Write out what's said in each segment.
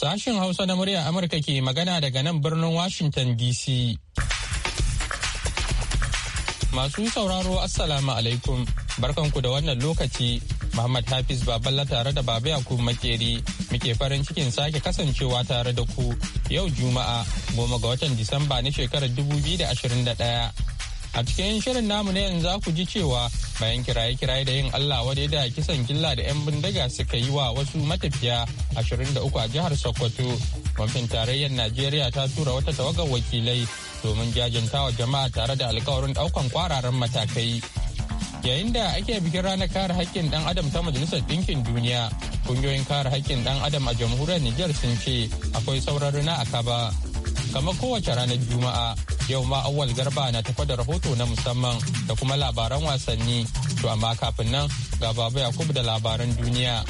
Sashen Hausa na muryar Amurka ke magana daga nan birnin Washington DC. Masu sauraro Assalamu alaikum barkanku da wannan lokaci Muhammad Hafiz Baballa tare da Baba Yakubu Makeri muke farin cikin sake kasancewa tare da ku yau Juma'a goma ga watan Disamba na shekarar 2021. A cikin shirin namu in yanzu ku ji cewa bayan kiraye-kiraye da yin Allah wadai da kisan gilla da 'yan bindiga suka yi wa wasu matafiya 23 a jihar Sokoto. Kwamfin tarayyar Najeriya ta tura wata tawagar wakilai domin jajantawa jama'a tare da alkawarin daukan kwararan matakai. Yayin da ake bikin ranar kare haƙƙin ɗan adam ta Majalisar Ɗinkin Duniya, kungiyoyin kare haƙƙin ɗan adam a jamhuriyar Nijar sun ce akwai sauran na a kaba. Kamar kowace ranar Juma'a, Yau ma awal garba na tafa da rahoto na musamman da kuma labaran wasanni. To amma kafin nan ga Baba Yakubu da labaran duniya.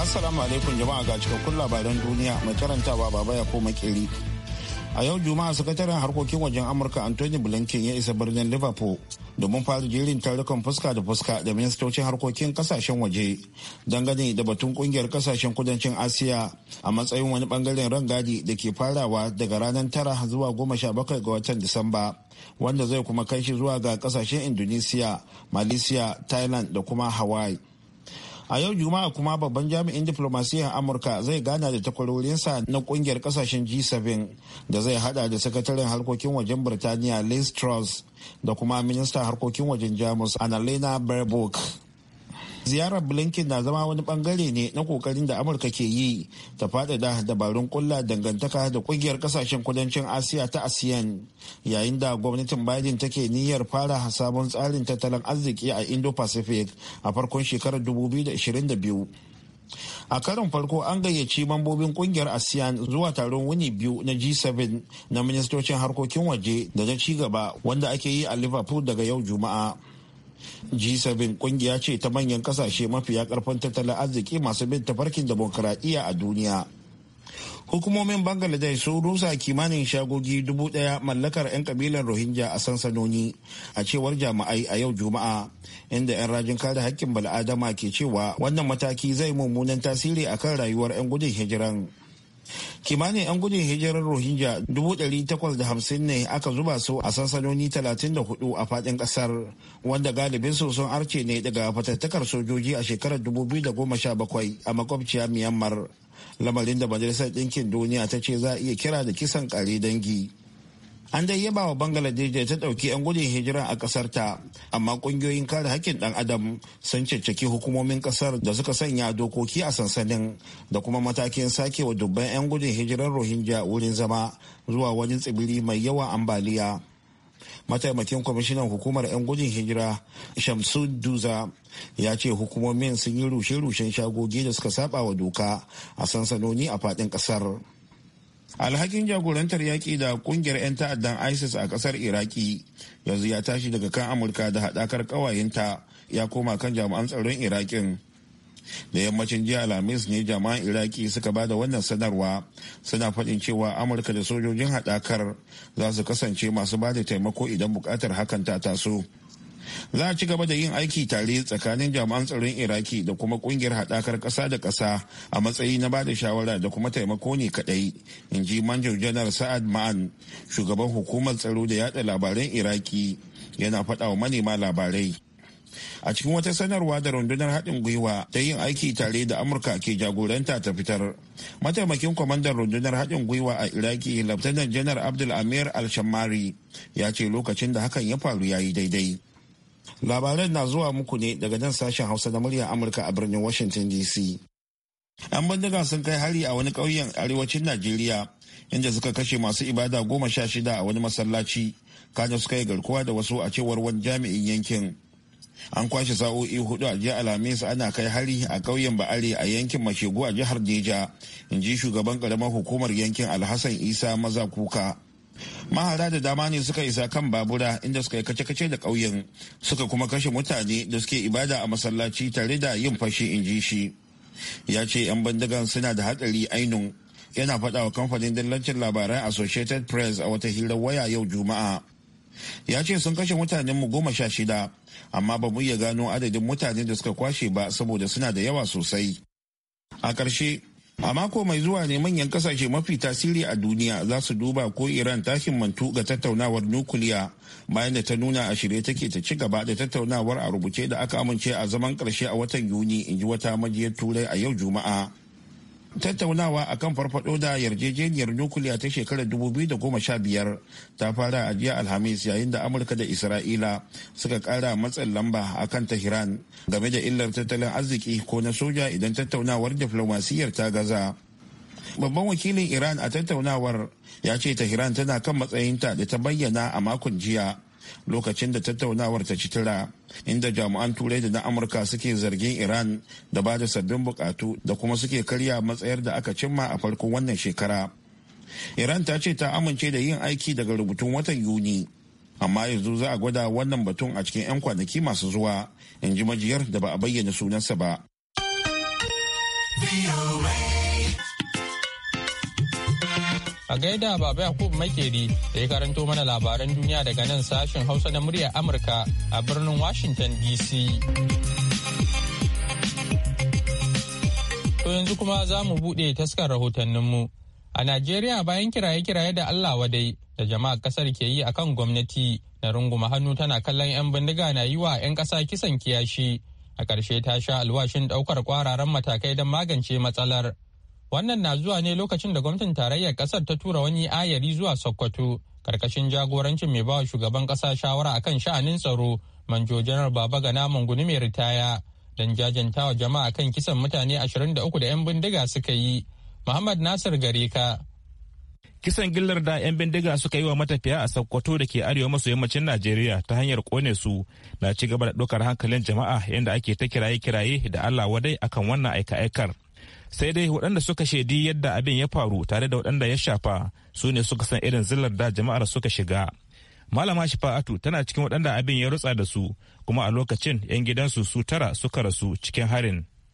Assalamu alaikum jama'a ga cikakkun labaran duniya mai karantawa Baba Yakubu Makeri. a yau juma'a sakataren harkokin wajen amurka anthony blinken ya isa birnin liverpool domin fara jerin tarukan fuska da fuska da ministocin harkokin kasashen waje dangane da batun kungiyar kasashen kudancin asiya a matsayin wani bangaren rangadi da ke farawa daga ranar tara zuwa goma sha bakwai ga watan disamba wanda zai kuma kai shi zuwa ga kasashen indonesia malaysia thailand da kuma hawaii a yau juma'a kuma babban jami'in a amurka zai gana da takwarorinsa na kungiyar kasashen g7 da zai hada da sakataren harkokin wajen birtaniya liz truss da kuma ministan harkokin wajen jamus analena baerbock ziyarar blinken na zama wani bangare ne na kokarin da amurka ke yi ta faɗaɗa dabarun kulla dangantaka da ƙungiyar ƙasashen kudancin asiya ta asiyan yayin da gwamnatin biden take niyyar fara sabon tsarin tattalin arziki a indo-pacific a farkon shekarar 2022 a karin farko an gayyaci mambobin kungiyar asean zuwa taron wuni biyu na g7 na ministocin harkokin waje da na ci gaba wanda ake yi a liverpool daga yau juma'a G7 kungiya ce ta manyan kasashe mafiya karfin tattalin arziki masu bin tafarkin demokuraɗiyya a duniya. Hukumomin Bangladesh sun rusa kimanin shagogi dubu ɗaya mallakar 'yan kabilar Rohingya a sansanoni a cewar jami'ai a yau Juma'a, inda 'yan rajin kare hakkin bal'adama ke cewa wannan mataki zai mummunan tasiri akan rayuwar 'yan gudun hijiran. kimanin 'yan gudun hijirar rohingya 850 ne aka zuba su a sansanoni 34 a fadin kasar wanda galibin su sun arce ne daga fatattakar sojoji a shekarar 2017 a makwabciya myanmar lamarin da majalisar ɗinkin duniya ta ce za a iya kira da kisan kare dangi An dai yaba wa Bangladesh da ta ɗauki 'yan gudun hijira a kasar ta, amma kungiyoyin kare hakkin ɗan adam sun ceceki hukumomin kasar da suka sanya dokoki a sansanin da kuma matakin sake wa dubban 'yan gudun hijirar Rohingya wurin zama zuwa wani tsibiri mai yawa ambaliya. Mataimakin kwamishinan hukumar 'yan gudun hijira Shamsu Duza ya ce hukumomin sun yi rushe-rushen shagogi da suka saba wa doka a sansanoni a faɗin ƙasar. alhakin jagorantar yaƙi da ƙungiyar 'yan ta'addan isis a ƙasar iraki yanzu ya tashi daga kan amurka da haɗakar ƙawayenta ya koma kan jami'an tsaron irakin da yammacin jiya alhamis ne jama'an iraki suka ba da wannan sanarwa suna faɗin cewa amurka da sojojin haɗakar za su kasance masu ba da taimako idan bukatar hakan ta taso za a ci gaba da yin aiki tare tsakanin jami'an tsaron iraki da kuma kungiyar haɗakar ƙasa da ƙasa a matsayi na bada shawara da kuma taimako ne kaɗai in ji manjo janar sa'ad ma'an shugaban hukumar tsaro da yada labaran iraki yana faɗa wa manema labarai a cikin wata sanarwa da rundunar haɗin gwiwa ta yin aiki tare da amurka ke jagoranta ta fitar mataimakin kwamandan rundunar haɗin gwiwa a iraki laftanar janar abdul amir al-shammari ya ce lokacin da hakan ya faru ya yi daidai Labaran na zuwa muku ne daga nan sashen Hausa na muryar Amurka a birnin Washington DC. An bindiga sun kai hari a wani ƙauyen arewacin Najeriya inda suka kashe masu ibada goma sha shida a wani masallaci kana suka yi garkuwa da wasu a cewar wani jami'in yankin. An kwashe sa'o'i hudu a jiya Alhamis ana kai hari a ƙauyen Ba'are a yankin Mashegu a jihar Deja, in ji shugaban ƙaramar hukumar yankin Alhassan Isa Maza Kuka. mahara da dama ne suka isa kan babura inda suka yi kace-kace da ƙauyen suka kuma kashe mutane da suke ibada a masallaci tare da yin fashi in ji shi ya ce 'yan bindigan suna da hatsari ainun yana faɗa wa kamfanin dillancin labaran associated press a wata hirar waya yau juma'a ya ce sun kashe mutanen mu goma sha shida amma ba mu iya gano adadin mutanen da suka kwashe ba saboda suna da yawa sosai a ƙarshe A mako mai zuwa ne manyan kasashe mafi tasiri a duniya za su duba ko Iran ta himmantu ga tattaunawar nukuliya bayan da ta nuna a shirye take ta ci gaba da tattaunawar a rubuce da aka amince a zaman karshe a watan Yuni in ji wata majiyar Turai a yau Juma'a. tattaunawa akan farfado da yarjejeniyar nukuliya ta shekarar 2015 ta fara a jiya alhamis yayin da amurka da isra'ila suka kara matsin lamba a kan tehran game da illar tattalin arziki ko na soja idan tattaunawar diflomasiyyar ta gaza babban wakilin iran a tattaunawar ya ce tehran tana kan matsayinta da ta bayyana a makon jiya lokacin da tattaunawar ta citira inda jami'an turai da na amurka suke zargin iran da ba da sabbin bukatu da kuma suke karya matsayar da aka cimma a farko wannan shekara iran ta ce ta amince da yin aiki daga rubutun watan yuni amma yanzu za a gwada wannan batun a cikin 'yan kwanaki masu zuwa in ji majiyar da ba a bayyana sunansa ba. a gaida baba yakubu makeri da ya karanto mana labaran duniya daga nan sashen hausa na murya amurka a birnin washington dc to yanzu kuma za mu buɗe taskar rahotanninmu a najeriya bayan kiraye-kiraye da allah wadai da jama'a kasar ke yi akan gwamnati na runguma hannu tana kallon 'yan bindiga na yi wa 'yan ƙasa kisan kiyashi a ƙarshe ta sha alwashin ɗaukar kwararan matakai don magance matsalar Wannan na zuwa ne lokacin da gwamnatin tarayyar kasar ta tura wani ayari zuwa Sokoto karkashin jagorancin mai bawa shugaban kasa shawara akan sha'anin tsaro manjo janar baba gana mai ritaya don jajantawa jama'a kan kisan mutane 23 da 'yan bindiga suka yi muhammad nasir gareka kisan gillar da 'yan bindiga suka yi wa matafiya a sokoto da ke arewa maso yammacin najeriya ta hanyar kone su na ci gaba da ɗaukar hankalin jama'a yadda ake ta kiraye-kiraye da allah wadai akan wannan aika-aikar aika aikar sai dai waɗanda suka shaidi yadda abin ya faru tare da waɗanda ya shafa su ne suka san irin zillar da jama'ar suka shiga malama shifa'atu tana cikin waɗanda abin ya rutsa da su kuma a lokacin 'yan gidansu su tara suka rasu cikin harin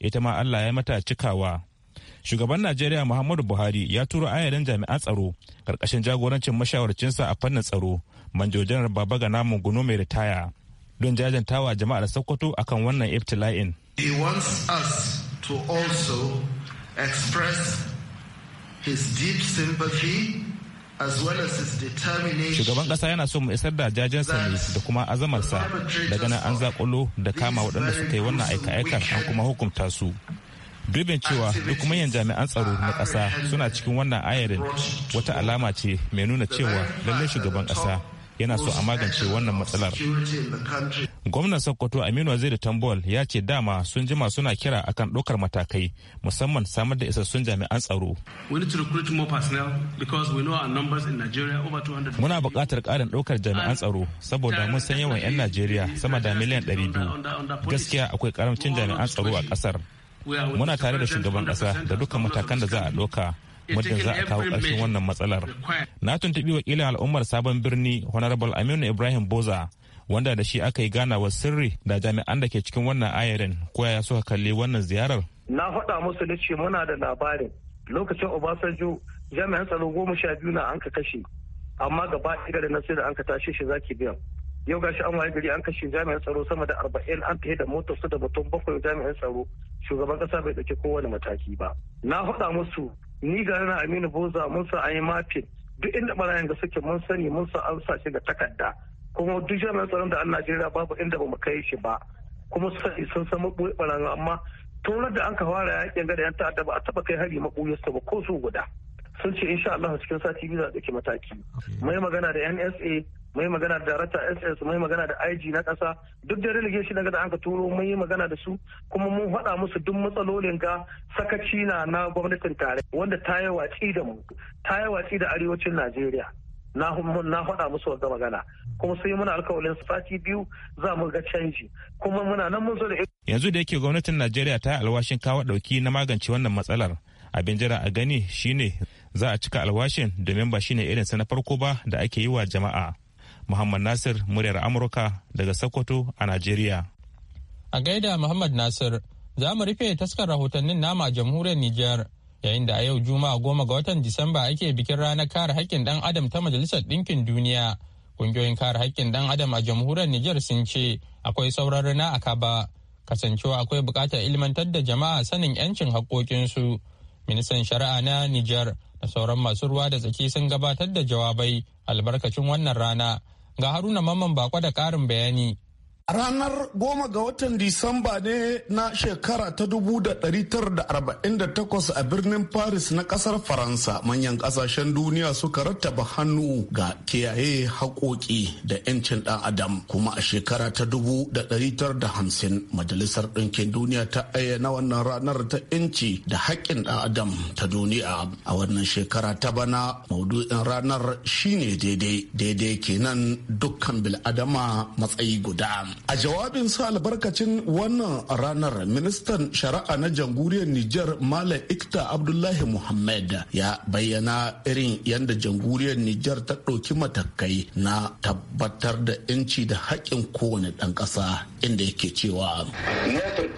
ita ma allah ya mata cikawa shugaban najeriya muhammadu buhari ya turo ayarin jami'an tsaro karkashin jagorancin mashawarcinsa a fannin tsaro manjo baba ga namu guno mai ritaya don jajantawa jama'ar sokoto akan wannan iftila'in he wants us to also express his deep sympathy Shugaban kasa yana so mu isar da jajensa ne da kuma azamarsa daga nan an zakulo da kama waɗanda suka yi wannan aika-aikar an kuma hukunta su. Dubin cewa duk manyan jami'an tsaro na ƙasa suna cikin wannan ayarin wata alama ce mai nuna cewa lallai shugaban ƙasa yana so a magance wannan matsalar. Gwamnan Sokoto Aminu Azeri Tambol ya ce dama sun jima suna kira akan ɗaukar matakai musamman samar da isassun jami'an tsaro. Muna buƙatar ƙarin ɗaukar jami'an tsaro saboda mun san yawan 'yan Najeriya sama da miliyan 200. Gaskiya akwai ƙaramcin jami'an tsaro a ƙasar. Muna tare da shugaban ƙasa da dukkan matakan da za a ɗauka. muddin za a kawo ƙarshen wannan matsalar na tuntuɓi wakilin al'ummar sabon birni honorable aminu ibrahim boza wanda da shi aka yi ganawa sirri da jami'an da ke cikin wannan ayarin ko ya suka kalli wannan ziyarar na faɗa musu da ce muna da labarin lokacin obasanjo jami'an tsaro goma sha biyu na an kashe amma gaba ɗaya da nasu da an ka tashe shi zaki biyan yau gashi an waye gari an kashe jami'an tsaro sama da arba'in an tafi da motar su da mutum bakwai jami'an tsaro shugaban kasa bai ɗauki kowane mataki ba na faɗa musu ni ga na aminu boza mun sa an yi mafi duk inda barayin da suke mun sani mun sa an sa shi ga takarda kuma duk jami'an tsaron da an najeriya babu inda ba mu kai shi ba kuma sai sun san maɓoyi barayin amma tun da an ka fara yakin gada yan ta'adda ba a taba kai hari maɓoyarsa ba ko su guda sun ce insha Allah cikin sati biyu za a ɗauki mataki mai magana da NSA mai magana da director ss mai magana da ig na kasa duk da relegation na da an ka turo mun yi magana da su kuma mun faɗa musu duk matsalolin ga sakaci na na gwamnatin tare wanda ta yi watsi da mu ta yi watsi da arewacin najeriya na na faɗa musu wanda magana kuma sai muna alkawalin sati biyu za mu ga canji kuma muna nan mun da yanzu da yake gwamnatin najeriya ta yi alwashin kawo ɗauki na magance wannan matsalar abin jira a gani shine za a cika alwashin domin ba shine irinsa na farko ba da ake yi wa jama'a Muhammad Nasir muryar Amurka daga Sokoto a Najeriya. A gaida Muhammad Nasir za mu rufe taskar rahotannin nama jamhuriyar Nijar yayin da a yau Juma'a goma ga watan Disamba ake bikin ranar kare haƙƙin ɗan adam ta Majalisar Ɗinkin Duniya. Ƙungiyoyin kare haƙƙin ɗan adam a jamhuriyar Nijar sun ce akwai sauran rana a kaba kasancewa akwai buƙatar ilmantar da jama'a sanin 'yancin haƙoƙinsu Ministan Shari'a na Nijar da sauran masu ruwa da tsaki sun gabatar da jawabai albarkacin wannan rana Ga Haruna Mamman Bako da ƙarin bayani. Ranar goma ga watan Disamba ne na shekara ta 1948 a birnin Paris na kasar Faransa manyan kasashen duniya suka rattaba hannu ga kiyaye haƙoƙi da 'yancin ɗan adam kuma a shekara ta 1950 Majalisar Ɗinkin Duniya ta ayyana wannan ranar ta 'yanci da haƙƙin dan adam ta duniya. A wannan shekara ta bana maudu'in ranar shine daidai daidai kenan dukkan bil'adama matsayi guda. A jawabin sa albarkacin wannan ranar ministan shari'a na jamhuriyar Nijar Malam Ikta Abdullahi Muhammad ya bayyana irin yadda jamhuriyar Nijar ta ɗauki matakai na tabbatar da inci da haƙƙin kowane ɗan ƙasa inda yake cewa. Never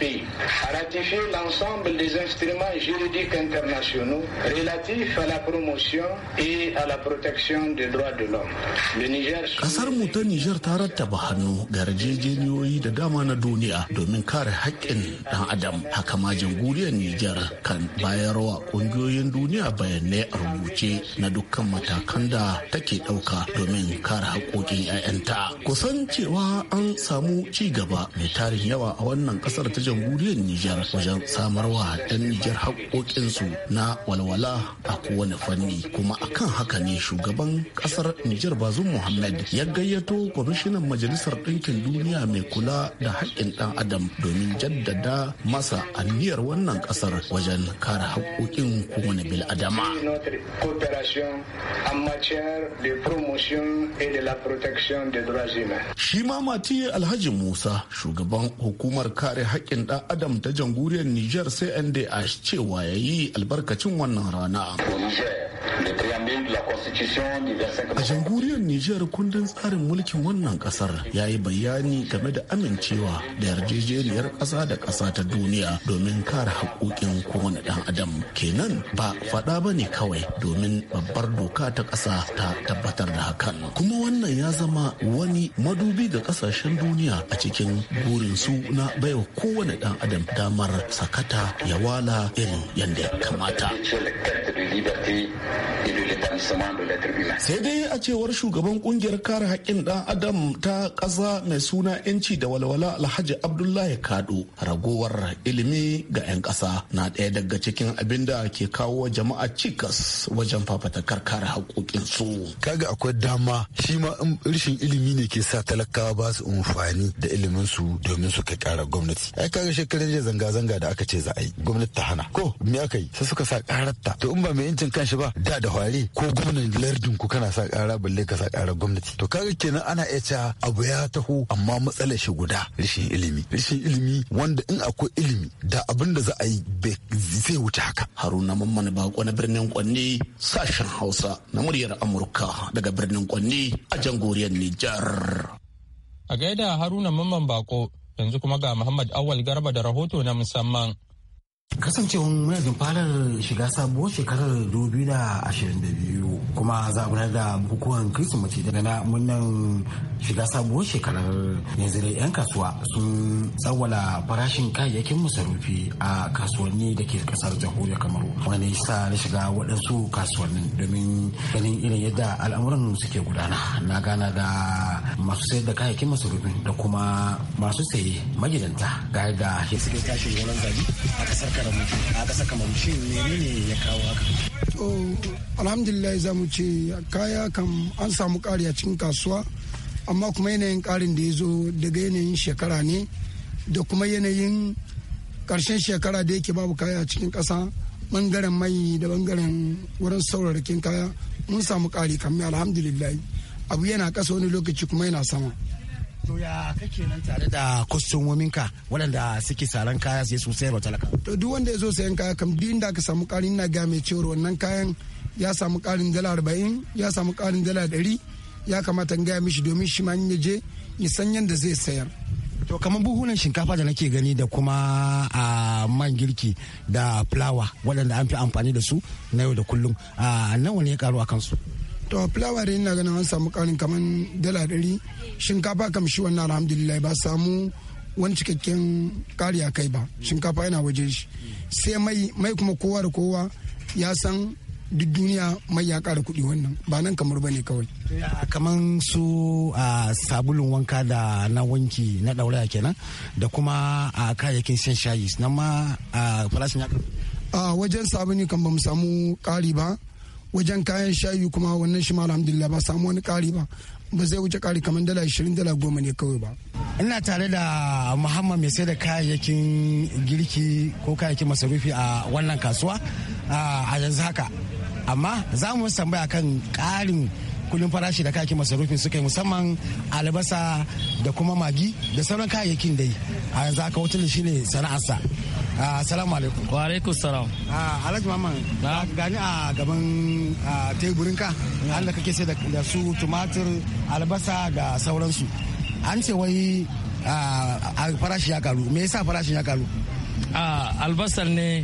a ratifié l'ensemble des instruments juridiques internationaux relatifs à la promotion et à la protection des droits de l'homme. Le Niger. Kasar mu ta Niger ta rattaba hannu ga yarjejeniyoyi da dama na duniya domin kare haƙƙin ɗan adam. Haka ma jamhuriyar Niger kan bayarwa ƙungiyoyin duniya bayanai a rubuce na dukkan matakan da take ɗauka domin kare haƙƙoƙin 'ya'yanta. Kusan cewa an samu ci gaba mai tarin yawa a wannan ƙasar ta jamhuriyar sirrin Nijar wajen samarwa 'yan Nijar haƙoƙinsu na walwala a kowane fanni. Kuma akan haka ne shugaban ƙasar Nijar Bazum Muhammad ya gayyato kwamishinan Majalisar Ɗinkin Duniya mai kula da haƙƙin ɗan Adam domin jaddada masa aniyar wannan ƙasar wajen kare haƙoƙin kowane bil'adama. Shi ma Mati Alhaji Musa shugaban hukumar kare haƙƙin ɗan Adam adam ta jamhuriyar niger cndh cewa ya yi albarkacin wannan rana A jamhuriyar Nijar kundin tsarin mulkin wannan kasar ya yi bayani game da amincewa da yarjejeniyar ƙasa da ƙasa ta duniya domin kare haƙoƙin kowane ɗan adam. Kenan ba faɗa ba ne kawai domin babbar doka ta ƙasa ta tabbatar da hakan. Kuma wannan ya zama wani madubi ga ƙasashen duniya a cikin su na baiwa kowane ɗan adam damar sakata ya wala irin yadda ya kamata. Sai dai a cewar shugaban kungiyar kare haƙƙin ɗan adam ta ƙasa mai suna 'yanci da walwala Alhaji Abdullahi Kado ragowar ilimi ga 'yan ƙasa na ɗaya daga cikin abin da ke kawo jama'a cikas wajen fafatakar kare haƙoƙinsu. Kaga akwai dama shi ma rashin ilimi ne ke sa talakawa ba su amfani da ilimin su domin su kai ƙara gwamnati. Ai kaga shekarun jiya zanga-zanga da aka ce za a yi gwamnati ta hana. Ko me aka yi sai suka sa ƙararta to in ba mai yancin kanshi ba da da hware ko gwamnan lardin ku kana sa kara balle ka sa kara gwamnati to kaga kenan ana iya cewa abu ya taho amma matsalar shi guda rashin ilimi rashin ilimi wanda in akwai ilimi da abin da za a yi zai wuce haka haruna mamman bako na birnin kwanne sashen hausa na muryar amurka daga birnin kwanne a jangoriyar nijar a gaida haruna mamman bako yanzu kuma ga muhammad awal garba da rahoto na musamman kasancewar muna falar shiga sabuwar shekarar 2022 kuma za gudanar da bukukuwan kirsimaci daga na murnan shiga sabuwar shekarar yanzu da 'yan kasuwa sun tsawala farashin kayayyakin masarufi a kasuwanni da ke kasar jamhuriyar kamaru wani sa na shiga waɗansu kasuwannin domin ganin irin yadda al'amuran suke gudana na gana da masu sayar da kayayyakin masarufin da kuma masu saye magidanta ga yadda suke tashi wani zabi a kasar karamu a to alhamdulillah za mu ce kaya kam an samu ƙari a cikin kasuwa amma kuma yanayin ƙarin da ya zo daga yanayin shekara ne da kuma yanayin ƙarshen shekara da yake babu kaya a cikin ƙasa bangaren mai da bangaren wurin saurarkin kaya mun samu kari kamar alhamdulillah abu yana kasa wani lokaci kuma yana sama To ya kake nan tare da kwastomominka waɗanda suke saran kaya sai su wa talaka? To duk wanda ya zo sayan kaya kam duk inda aka samu ƙarin na ga mai cewar wannan kayan ya samu ƙarin dala arba'in ya samu ƙarin dala ɗari ya kamata in gaya mishi domin shi ma ya je ya san yadda zai sayar. To kamar buhunan shinkafa da nake gani da kuma a man girki da fulawa waɗanda an fi amfani da su na yau da kullum a nawa ne ya karu a kansu? to fulawa na ganin an samu karin kamar dala ɗari shinkafa kam shi wannan alhamdulillah ba samu wani cikakken kari a kai ba shinkafa yana waje shi sai mai mai kuma kowa da kowa ya san duk duniya mai ya kara kuɗi wannan ba nan kamar ba ne kawai kamar su a sabulun wanka da na wanki na ɗauraya kenan da kuma a kayayyakin shan shayi nan ma a farashin ya a wajen sabuni kan ba mu samu ƙari ba wajen kayan shayi kuma wannan shi ma alhamdulillah ba samu wani ƙari ba ba zai wuce kari kamar dala 20 dala goma ne kawai ba. ina tare da muhammad mai sai da kayayyakin girki ko kayayyakin masarufi a wannan kasuwa a yanzu haka amma za mu tambaya kan ƙarin kudin farashi da kayayyakin masarufin suka yi musamman albasa da kuma magi da sauran kayayyakin dai a yanzu haka wata shine sana'arsa Ah, assalamu alaikum. Wa alaikum salam. Ah, Alhaji Maman, gani a gaban teburin ka, Allah kake sai da su tumatir, albasa da sauransu. An ce wai farashi ya karu, me yasa farashin ya karu? Albasar ne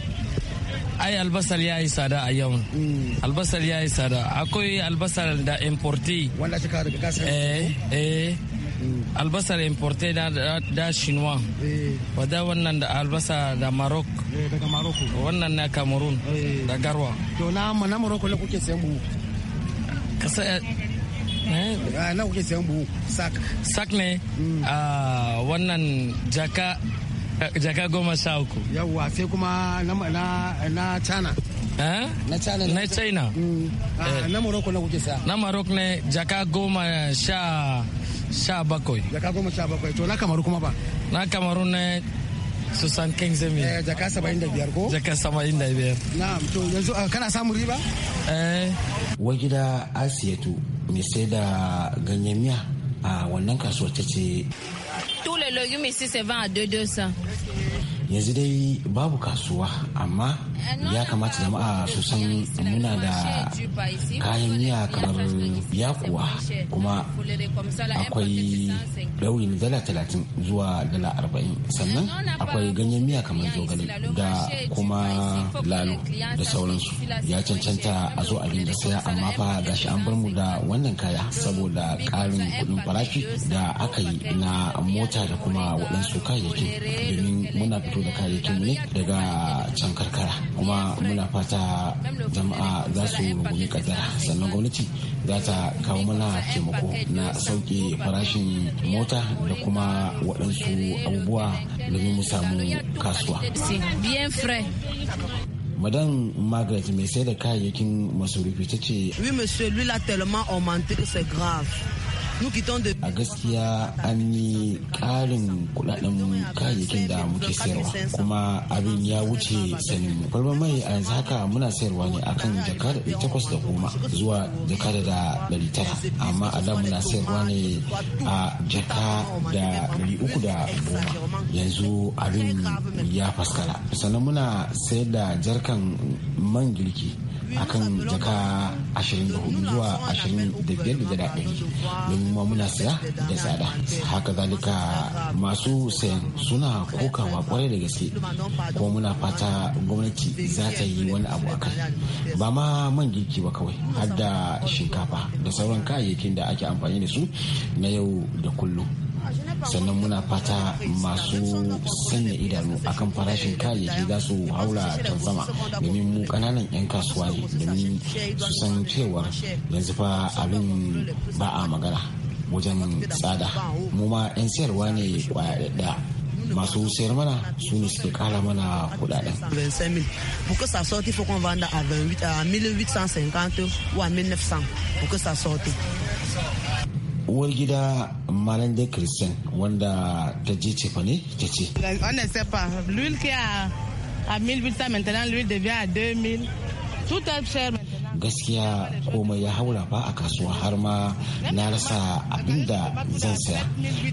ai albasar ya yi sada a yau hmm. albasar ya yi sada akwai albasar da importi wanda ta daga kasar eh eh da mm. importe da da shinwa eh. wadda wannan da albasa da marok eh, wannan na cameroon eh. da garwa to na na Maroc ne kuke sayan buhu kasa ah, na kuke sayan buhu sak sak ne mm. a ah, wannan jaka jaka goma sha uku yawwa sai kuma na china na china na china na morocco mm. ah, ne kuke sa na Maroc ne jaka goma sha sha bakwai jaka goma sha bakwai to na kamaru kuma ba na kamaru ne su san king zemi eh jaka saba'in da biyar ko jaka saba'in da biyar na'am to yanzu ah, kana samun riba eh wai gida asiyatu mai sai da ganyen miya a wannan kasuwar ta ce tule logimi si se van a dodo sa yanzu dai babu kasuwa amma ya kamata jama'a su san muna da kayan miya kamar yakuwa kuma akwai daurin dala talatin zuwa dala arba'in sannan akwai ganyen miya kamar zogale da kuma lalo da sauransu ya cancanta a zo abinda da saya amma fa gashi an bar mu da wannan kaya saboda ƙarin kuɗin farashi da aka yi na mota da kuma waɗansu kayayyakin domin muna fito da kayayyakin ne daga can karkara kuma muna fata jama'a za su rungumi kadara sannan gwamnati za ta kawo mana taimako na sauke farashin mota da kuma waɗansu abubuwa domin mu samu kasuwa madan margaret mai sai da kayayyakin masarufi ta ce oui monsieur lui là a gaskiya an yi ƙarin kudaden kayayyakin da muke sayarwa kuma abin ya wuce sanin farbar mai a yanzu haka muna sayarwa ne akan jaka da takwas da goma zuwa jaka da dari tara amma a da muna sayarwa ne a jaka da dari uku da goma yanzu abin ya faskara sannan muna sayar da jarkan man girki akan jaka 24 zuwa 25 da jada ɗari domin ma muna saya da tsada haka zalika masu sayan suna kokawa kwarai da gaske kuma muna fata gwamnati za ta yi wani abu a akai ba ma man girki ba kawai har da shinkafa da sauran kayayyakin da ake amfani da su na yau da kullum sannan muna fata masu sanya idanu akan farashin kayayyaki za su haula can sama domin mu kananan 'yan kasuwa ne domin su san cewar yanzu fa abin ba a magana wajen tsada mu ma 'yan sayarwa ne kwaya da masu sayar mana su ne suke kala mana kudaden. uwar gida malande christian wanda ta je cefa ne ta ce a gaskiya komai ya haura ba a kasuwa har ma na rasa abinda zan saya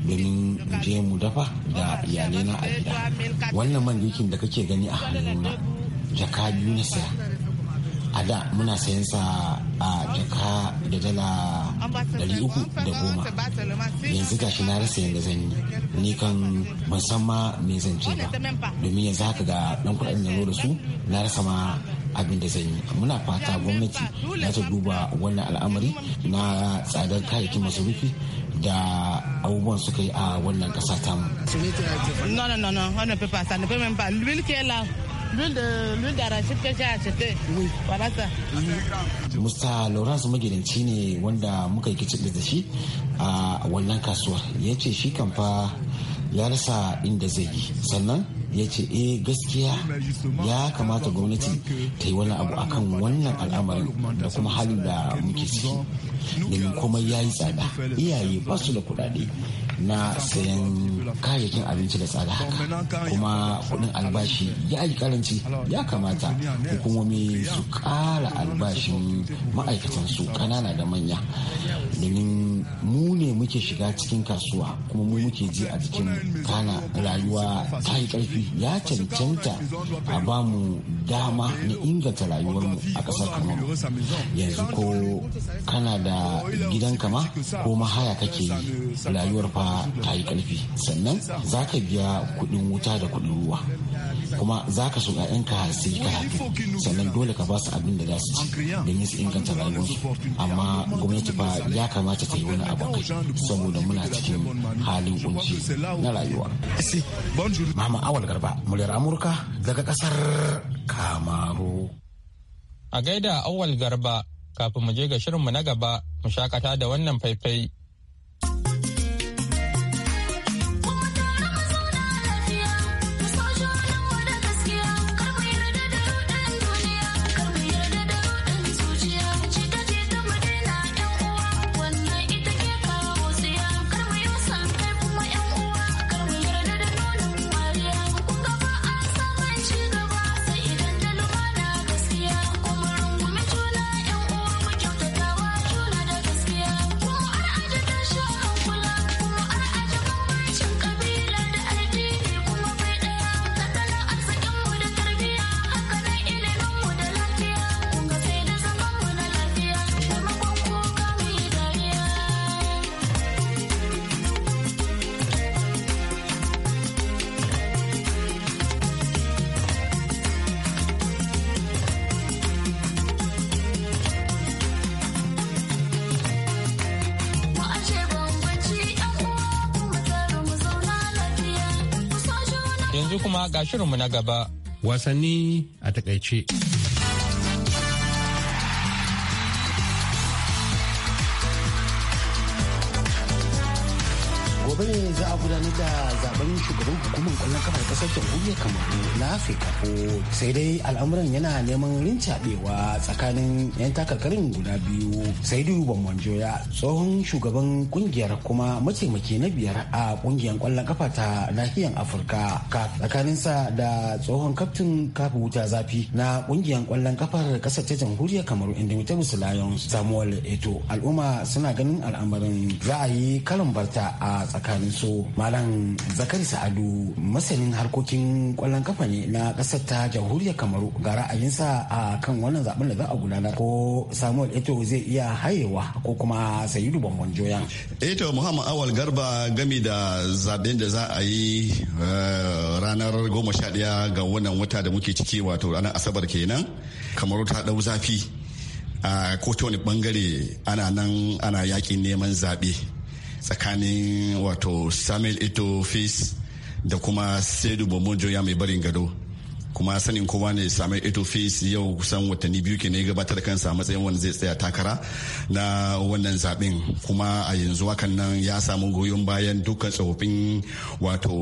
domin je mu dafa da iyalai a gida wannan man da kake gani a hannuna jaka biyu na saya a da muna sayan sa a jaka da dala dari uku da goma yanzu gashi na rasa yanda zan yi ni kan ban san ma me zan ce ba domin yanzu haka ga dan kuɗin da da su na rasa ma abin da zan yi muna fata gwamnati za ta duba wannan al'amari na tsadar kayayyakin masarufi da abubuwan suka yi a wannan ƙasa tamu. musa Musta Lawrence magidanci ne wanda muka yi kicin da shi a wannan kasuwar. Ya ce shi kan ya rasa inda zai yi. Sannan ya ce eh gaskiya ya kamata gwamnati ta yi wani abu akan wannan al'amarin da kuma halin da muke ciki domin komai ya yi tsada iyaye ba su da kudade. na sayan kayayyakin abinci da tsada haka kuma kudin albashi ya yi karanci ya kamata hukumomi su kara albashin ma'aikatan su kanana da manya domin mu ne muke shiga cikin kasuwa kuma mu muke ji a jikin kana rayuwa ta yi karfi ya cancanta a ba mu dama na inganta rayuwarmu a kasar kamar yanzu ko kana da gidan kama ko mahaya kake yi rayuwar fa ta yi karfi sannan za ka biya kuɗin wuta da kuɗin ruwa kuma za ka so ka su yi karatu sannan dole ka ba su abin da za su ci domin su inganta rayuwarsu amma gwamnati ba ya kamata ta yi wani abu saboda muna cikin halin kunci na rayuwa. Mama Awal Garba, muryar Amurka daga kasar Kamaru. A gaida Awal Garba, kafin mu je ga shirinmu na gaba, mu shakata da wannan faifai. ga shirinmu na gaba. Wasanni a takaice. gobe ne za a gudanar da matsayin shugaban hukumar kwallon kafa kasar jamhuriyar kamaru na afirka ko sai dai al'amuran yana neman rincaɓewa tsakanin 'yan takarkarin guda biyu sai wanjo bambanjoya tsohon shugaban kungiyar kuma mataimaki na biyar a kungiyar kwallon kafa ta nahiyar afirka tsakaninsa da tsohon kaftin kafa wuta zafi na kungiyar kwallon kafar kasar ta jamhuriyar kamaru indomitable lions samuel eto al'umma suna ganin al'amarin za a yi karin barta a tsakanin su malam zaka Abubakar Sa'adu masanin harkokin kwallon kafa ne na ƙasar ta jamhuriyar Kamaru ga ra'ayinsa a kan wannan zaben da za a gudanar ko Samuel Eto zai iya hayewa ko kuma Sayidu bambam Joyan. Eto Muhammad Awal Garba gami da zaben da za a yi eh, ranar goma sha ɗaya ga wannan wata da muke ciki wato ranar Asabar kenan Kamaru ta dau zafi a kowane bangare ana nan ana yakin neman zaɓe tsakanin wato samuel eto fis da kuma sedu bomonjo ya mai barin gado kuma sanin kowa ne sami ito yau kusan watanni biyu ke ne gabatar kansa matsayin wanda zai tsaya takara na wannan zaben kuma a yanzu hakan nan ya samu goyon bayan dukkan tsofaffin wato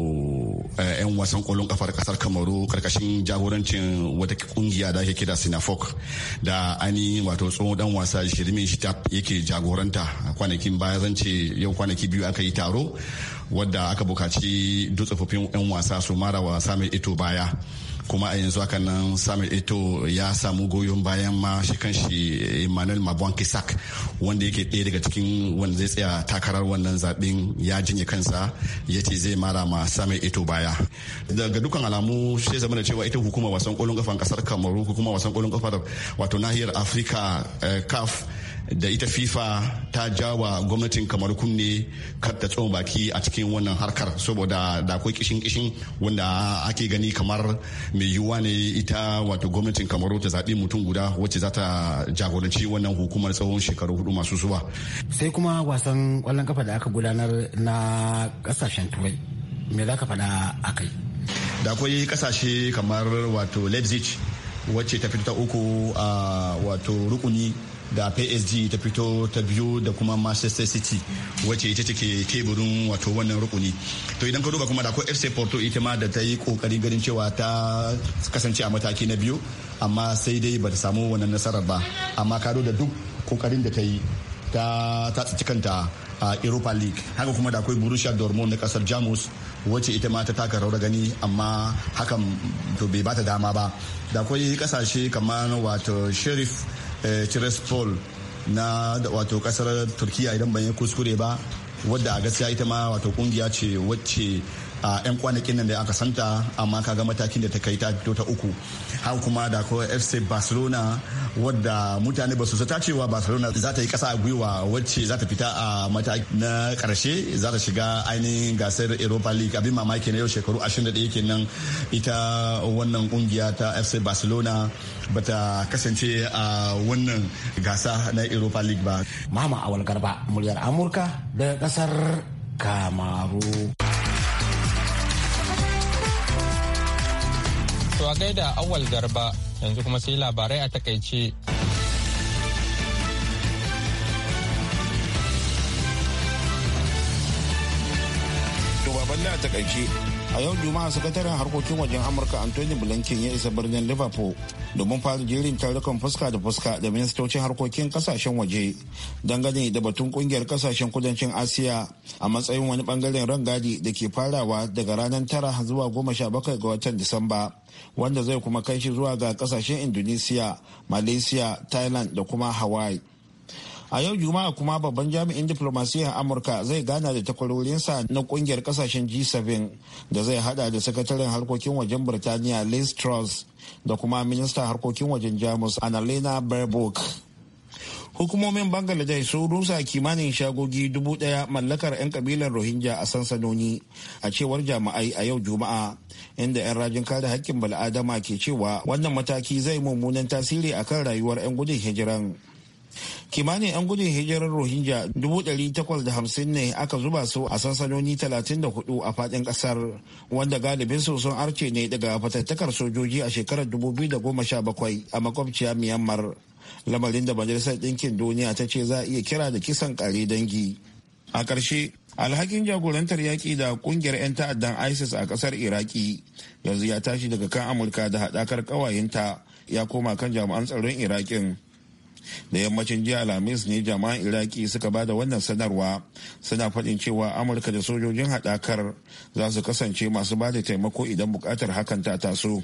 'yan eh, wasan kwallon kafar kasar kamaru karkashin jagorancin wata kungiya da ake kira sinafok da ani wato tsohon dan wasa shirmin shitap yake jagoranta kwanakin baya zan ce yau kwanaki biyu aka yi taro wadda aka bukaci duk tsofaffin 'yan wasa su mara wasa mai ito baya kuma a yanzu haka nan samuel eto ya samu goyon bayan ma shi kanshi emmanuel mabon kisak wanda yake ɗaya daga cikin wanda zai tsaya takarar wannan zaɓen ya jinye kansa ya ce zai mara ma samuel eto baya daga dukkan alamu sai zama da cewa ita hukuma wasan kolon kafan kasar kamaru hukuma wasan kolon kafar wato nahiyar afirka eh, caf da ita fifa ta jawa gwamnatin kamar kunne kar ta baki a cikin wannan harkar saboda da akwai kishin kishin wanda ake gani kamar mai yiwuwa ne ita wato gwamnatin kamaru ta zaɓi mutum guda wacce za ta jagoranci wannan hukumar tsawon shekaru hudu masu zuwa sai kuma wasan kwallon kafa da aka gudanar na kasashen turai me za ka faɗa a kai da akwai kasashe kamar wato leipzig wacce ta fito ta uku a wato rukuni da PSG ta fito ta biyu da kuma Manchester City wacce ita take teburin wato wannan rukuni to idan ka duba kuma da ko FC Porto ita ma da ta yi kokari ganin cewa ta kasance a mataki na biyu amma sai dai ba ta samu wannan nasarar ba amma ka da duk kokarin da ta yi ta tsaci kanta a europa league haka kuma da akwai borussia dortmund na kasar jamus wacce ita ma ta taka rawar gani amma hakan to bai bata dama ba da akwai kasashe kamar wato sheriff Eh, tiraspol na wato kasar Turkiya idan ban yi kuskure ba wadda a gaskiya ita ma wato kungiya ce wacce a yan kwanakin nan da aka santa amma kaga matakin da ta kai ta fito ta uku har kuma da ko fc barcelona wadda mutane ba su zata cewa barcelona za ta yi kasa a gwiwa wacce za ta fita a mataki na karshe za ta shiga ainihin gasar europa league abin mamaki na yau shekaru 21 kenan ita wannan kungiya ta fc barcelona bata kasance a wannan gasa na europa league ba mama awal garba muryar amurka daga kasar kamaru To a gaida awal garba yanzu kuma sai labarai a takaice. To baban na a takaice a yau juma'a sakataren harkokin wajen amurka anthony blinken ya isa birnin liverpool domin fara jerin tarukan fuska da fuska da ministocin harkokin kasashen waje dangane da batun kungiyar kasashen kudancin asiya a matsayin wani bangaren rangadi da ke farawa daga ranar tara zuwa goma sha bakwai ga watan disamba wanda zai kuma kai shi zuwa ga kasashen indonesia malaysia thailand da kuma hawaii a yau juma'a kuma babban jami'in diplomasiyyar amurka zai gana da takwarorinsa na kungiyar kasashen g7 da zai hada da sakataren harkokin wajen birtaniya liz truss da kuma ministan harkokin wajen jamus annalena baerbock hukumomin bangladesh sun rusa kimanin shagogi dubu daya mallakar 'yan kabilar rohingya a sansanoni a cewar jami'ai a yau juma'a inda 'yan rajin kare hakkin bal'adama ke cewa wannan mataki zai mummunan tasiri akan rayuwar 'yan gudun hijiran kimanin 'yan gudun hijirar rohingya 850 ne aka zuba su a sansanoni 34 a fadin kasar wanda galibin su sun arce ne daga fatattakar sojoji a shekarar 2017 a makwabciya myanmar lamarin da majalisar ɗinkin duniya ta ce za a iya kira da kisan kare dangi a ƙarshe alhakin jagorantar yaƙi da ƙungiyar 'yan ta'addan isis a ƙasar iraki yanzu ya tashi daga kan amurka da haɗakar ƙawayenta ya koma kan jami'an tsaron irakin da yammacin jiya alhamis ne jama'an iraki suka ba da wannan sanarwa suna faɗin cewa amurka da sojojin haɗakar za su kasance masu ba da taimako idan bukatar hakan ta taso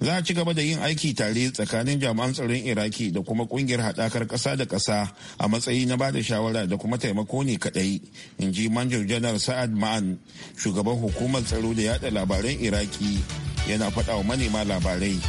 za a ci gaba da yin aiki tare tsakanin jami'an tsaron iraki da kuma kungiyar haɗakar ƙasa da ƙasa a matsayi na bada shawara da kuma taimako ne kaɗai in ji manjo janar sa'ad ma'an shugaban hukumar tsaro da yada labaran iraki yana faɗa wa manema labarai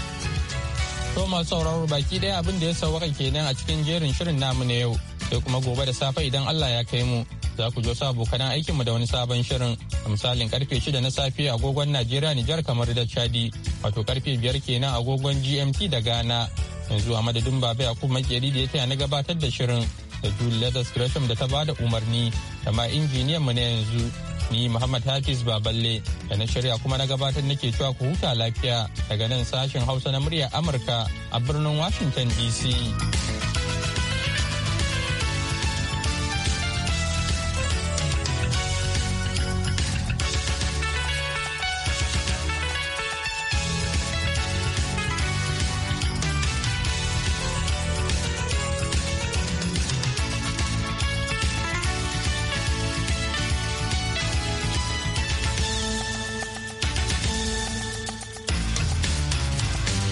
To masu sauraro baki daya abin da ya sauwaka kenan a cikin jerin shirin namu na yau. Sai kuma gobe da safe idan Allah ya kai mu za ku jo sa abokanan aikin mu da wani sabon shirin a misalin karfe 6 na safe agogon Najeriya Nijar kamar da Chadi wato karfe 5 kenan agogon GMT da Ghana. Yanzu a madadin Baba Yakubu Makeri da ya taya na gabatar da shirin da Jule Leathers Gresham da ta ba da umarni da ma injiniyan mu na yanzu ni Muhammad Hafiz Baballe da na shirya kuma na gabatar nake cewa ku huta lafiya daga nan sashen Hausa na muryar Amurka a birnin Washington DC.